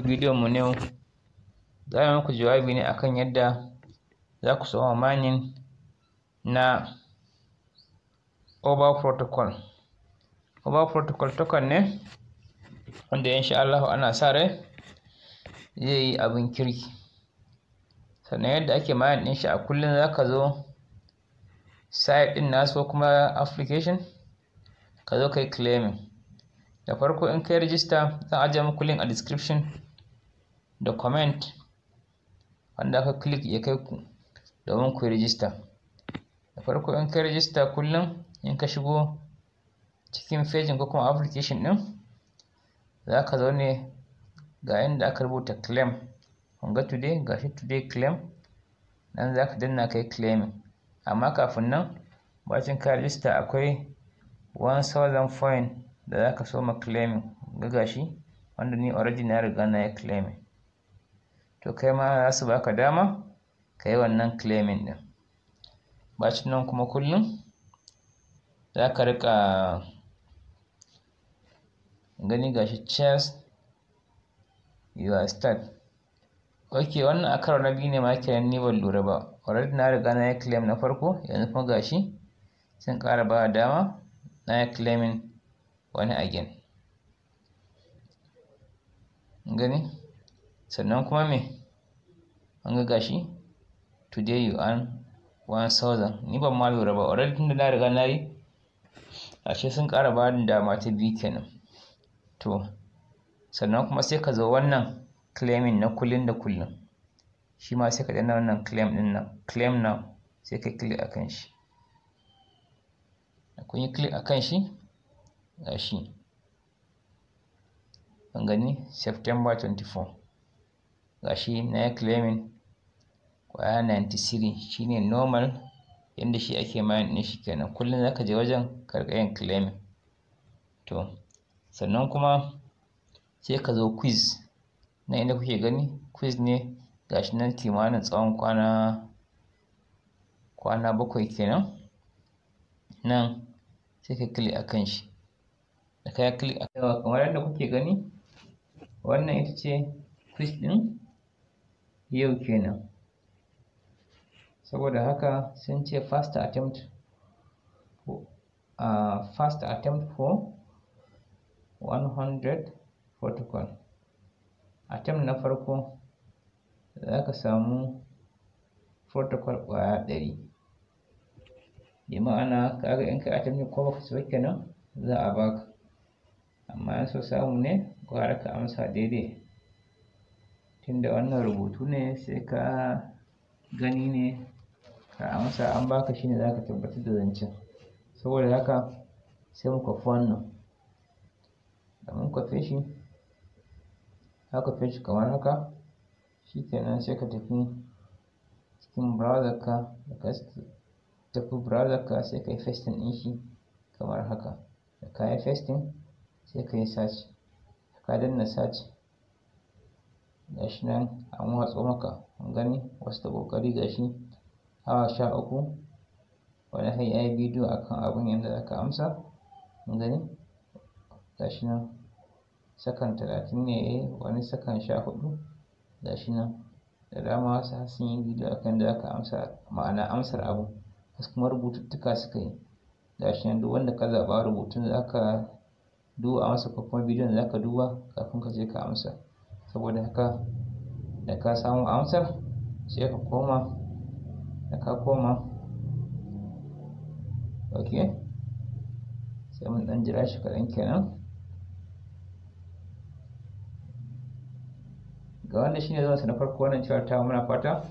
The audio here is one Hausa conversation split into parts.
bidiyon mu ne za mu muku jawabi ne akan yadda za ku samu mining na over protocol over protocol token ne wanda insha Allah ana sa rai zai yi abin kirki sannan yadda ake mayan din shi a kullum za ka zo site din nasu ko kuma application ka zo kai claiming da farko in kai register zan ajiye muku link a description da comment wanda aka click ya kai ku domin ku rijista da farko in ka rijista kullum in ka shigo cikin fejin ko kuma application din za ka zo ga inda aka rubuta claim kun ga today ga shi today claim nan za ka danna kai claiming amma kafin nan bacin ka rijista akwai 1000 point da za ka soma claiming ga gashi wanda ni original na riga na ya claiming to kai ma za su baka dama ka yi wannan claiming ɗin bacin nan kuma kullum za ka rika. gani gashi you are start ok wannan a karo na biyu ne ma kenan ni ban lura ba already na riga na yi claim na farko yanzu kuma gashi sun kara ba dama na yi claiming wani again gani sannan kuma me an ga gashi today you earn 1000 ni ban ma lura ba already tunda na riga na yi ashe sun ƙara ni dama ta biyu kenan to sannan kuma sai ka zo wannan claiming na kullun da kullun shi ma sai ka danna wannan claim din nan claim now sai ka click akan shi kun yi click akan shi gashi an gani September 24 gashi na claiming kwaya 93 shine normal yanda shi ake mayan din shi kenan kullum zaka je wajen karkayin claiming to sannan kuma sai ka zo quiz na inda kuke gani quiz ne gashi nan kimanin tsawon kwana kwana bakwai kenan nan sai ka click kan shi da ka click akan kamar yadda kuke gani wannan ita ce quiz din yau kenan saboda haka sun ce first attempt uh, first attempt for 100 protocol attempt na farko za ka samu protocol kwaya ɗari bi ma'ana kaga in ka attempt ko baka so kenan za a baka amma so samu ne gwara ka amsa daidai tunda wannan rubutu ne sai ka gani ne ka amsa an baka shine zaka tabbatar da zancen saboda haka sai mu kwafi wannan da mun kwafe shi ka kwafe shi kamar haka shikenan sai ka tafi cikin browser ka da ka tafi browser ka sai ka yi pasting ɗin shi kamar haka da ka yi sai ka yi search ka danna search gashi nan an watso maka kun gani wasu ta ƙoƙari gashi awa sha uku wani har yayi bidiyo akan abun yadda zaka amsa kun gani gashi nan sakan talatin ne yayi eh, wani sakan sha huɗu gashi nan da dama wasu har sun yi bidiyo akan da zaka amsa ma'ana amsar abu wasu kuma rubututtuka suka yi gashi nan duk wanda ka zaɓa rubutun zaka duba masa ko kuma bidiyon da zaka duba kafin ka je ka amsa saboda haka da ka samu amsar sai ka koma da ka koma ok sai mun ɗan jira shi kaɗan kenan ga wannan shine zan sanar farko wannan cewa ta muna fata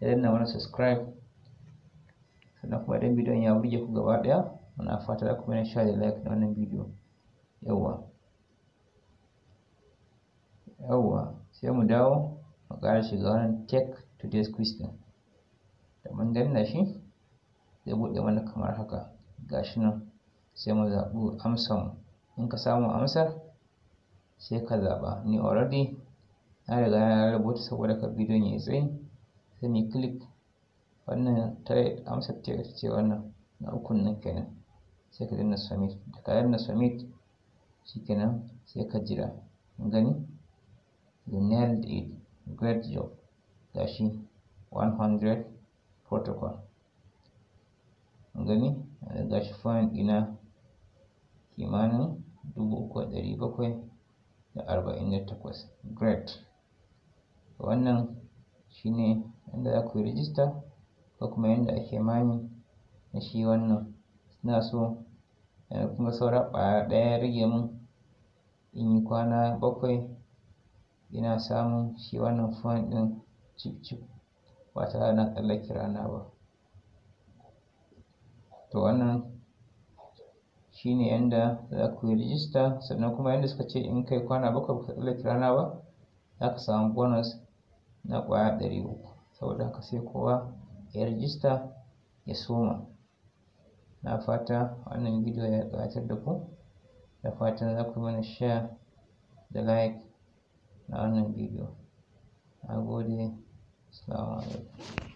ya danna mana subscribe sannan kuma idan bidiyon ya burge ku gaba ɗaya muna fata za ku mana share da like na wannan bidiyo yawwa yawwa sai mu dawo mu ƙara shiga wannan take today's quiz da mun danna shi zai buɗe mana kamar haka ga shi nan sai mu zaɓi amsan in ka samu amsar sai ka zaɓa ni already na riga na rubuta saboda ka bidiyon ya tsayi sai mu click wannan ta amsar ta ce wannan na ukun nan kenan sai ka danna submit da ka danna submit kenan sai ka jira gani You nailed it. Great job. Gashi 100 protocol. Gani? Gashi fine ina kimanin 3,748. Great. Wannan shine yadda za ku yi rijista ko kuma yadda ake mami na shi wannan. Ina so eh, kuma saura ɗaya rage mun in yi kwana bakwai ina samun shi wannan point ɗin cif cif ba tare na tsallake rana ba to wannan shi ne yanda za ku yi rijista sannan kuma yanda suka ce in kai kwana bakwai ba ka tsallake rana ba za ka samu bonus na ƙwaya ɗari uku saboda haka sai kowa ya rijista ya soma na fata wannan bidiyo ya ƙayatar da ku da fatan za ku mana share da like da wannan bidiyo. Na gode. Assalamu alaikum.